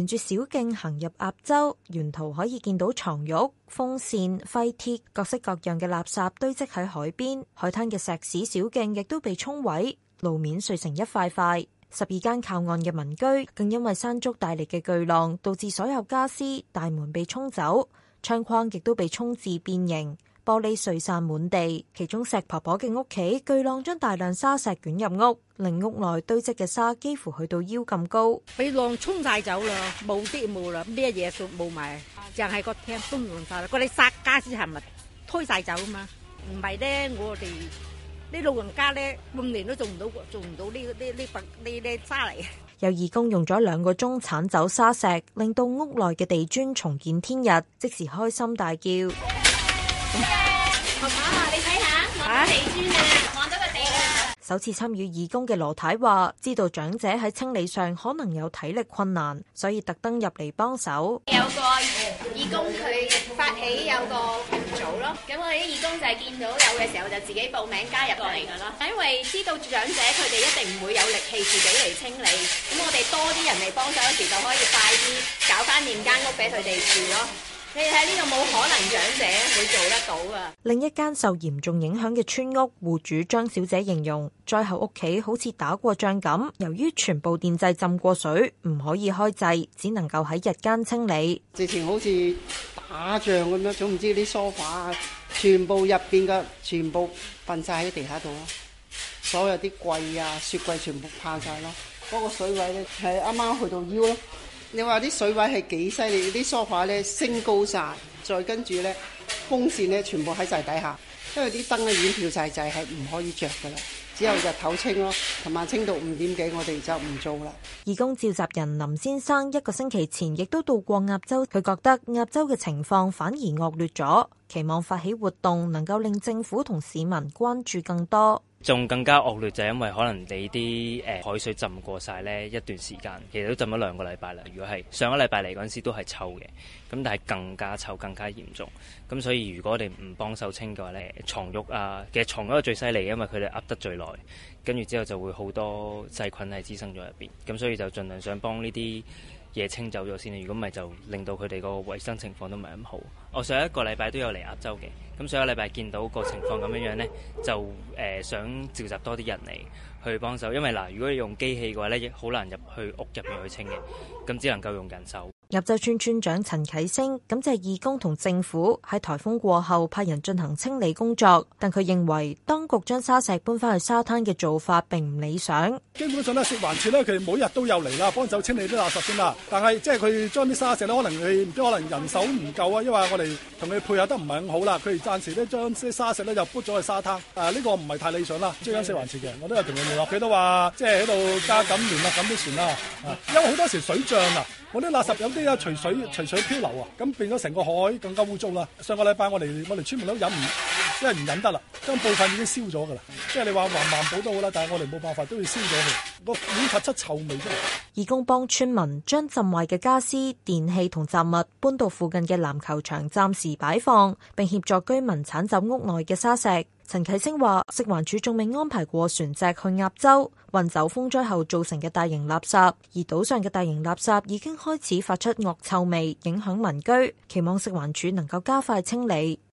沿住小徑行入鴨洲，沿途可以見到床褥、風扇、廢鐵，各式各樣嘅垃圾堆積喺海邊。海灘嘅石屎小徑亦都被沖毀，路面碎成一塊塊。十二間靠岸嘅民居更因為山竹帶嚟嘅巨浪，導致所有家私、大門被沖走，窗框亦都被沖至變形。玻璃碎散滿地，其中石婆婆嘅屋企巨浪將大量沙石捲入屋，令屋內堆積嘅沙幾乎去到腰咁高。俾浪沖晒走啦，冇啲冇啦，咩嘢都冇埋，淨係個廳崩亂晒啦。嗰啲沙家先係咪推晒走嘛？唔係咧，我哋啲老人家咧，半年都做唔到，做唔到呢呢呢份呢呢沙嚟。有義工用咗兩個鐘鏟走沙石，令到屋內嘅地磚重見天日，即時開心大叫。媽媽，你睇下，我地磚啊，玩咗個地啊。首次參與義工嘅羅太話，知道長者喺清理上可能有體力困難，所以特登入嚟幫手。有個義工佢發起有個組咯，咁我哋義工就係見到有嘅時候就自己報名加入過嚟噶啦。因為知道長者佢哋一定唔會有力氣自己嚟清理，咁我哋多啲人嚟幫手，有時就可以快啲搞翻間屋俾佢哋住咯。你哋喺呢度冇可能長者。做得到啊。另一間受嚴重影響嘅村屋戶主張小姐形容最後屋企好似打過仗咁，由於全部電掣浸過水，唔可以開掣，只能夠喺日間清理。直情好似打仗咁樣，總唔知啲梳化全部入邊嘅全部瞓晒喺地下度咯。所有啲櫃啊、雪櫃全部泡晒咯。嗰個水位咧係啱啱去到腰咯。你話啲水位係幾犀利？啲梳化咧升高晒，再跟住咧。風扇咧，全部喺晒底下，因為啲燈咧已經跳晒掣，係唔可以着噶啦，只有日頭清咯，琴晚清到五點幾，我哋就唔做啦。義工召集人林先生一個星期前亦都到過鴨洲，佢覺得鴨洲嘅情況反而惡劣咗，期望發起活動能夠令政府同市民關注更多。仲更加惡劣就係因為可能你啲誒，海水浸過晒呢一段時間，其實都浸咗兩個禮拜啦。如果係上個禮拜嚟嗰陣時都係臭嘅，咁但係更加臭，更加嚴重。咁所以如果我哋唔幫手清嘅話呢，床褥啊，其實床褥嗰個最犀利，因為佢哋噏得最耐，跟住之後就會好多細菌係滋生咗入邊。咁所以就盡量想幫呢啲。嘢清走咗先，如果唔係就令到佢哋個衛生情況都唔係咁好。我上一個禮拜都有嚟鴨洲嘅，咁上一個禮拜見到個情況咁樣樣呢，就誒、呃、想召集多啲人嚟去幫手，因為嗱、呃，如果你用機器嘅話呢，亦好難入去屋入面去清嘅，咁只能夠用人手。鴨洲村村長陳啟星感謝義工同政府喺台風過後派人進行清理工作，但佢認為當局將沙石搬翻去沙灘嘅做法並唔理想。基本上咧，食環署咧，佢每日都有嚟啦，幫手清理啲垃圾先啦。但係即係佢將啲沙石咧，可能佢唔知可能人手唔夠啊，這個，啊，因為我哋同佢配合得唔係咁好啦。佢哋暫時咧將啲沙石咧就搬咗去沙灘。誒，呢個唔係太理想啦，即係食環署嘅。我都有同佢聯絡，佢都話即係喺度加緊聯絡緊啲船啦。因為好多時水漲啊，我啲垃圾有呢隨水隨水漂流啊！咁變咗成個海更加污糟啦。上個禮拜我哋我哋村民都飲唔。真係唔忍得啦！部分已經燒咗㗎啦，即係你話環環保都好啦，但係我哋冇辦法都要燒咗佢，個已經發出臭味出嚟。義工幫村民將浸壞嘅家私、電器同雜物搬到附近嘅籃球場暫時擺放，並協助居民鏟走屋內嘅沙石。陳啟清話：食環署仲未安排過船隻去鴨洲運走風災後造成嘅大型垃圾，而島上嘅大型垃圾已經開始發出惡臭味，影響民居，期望食環署能夠加快清理。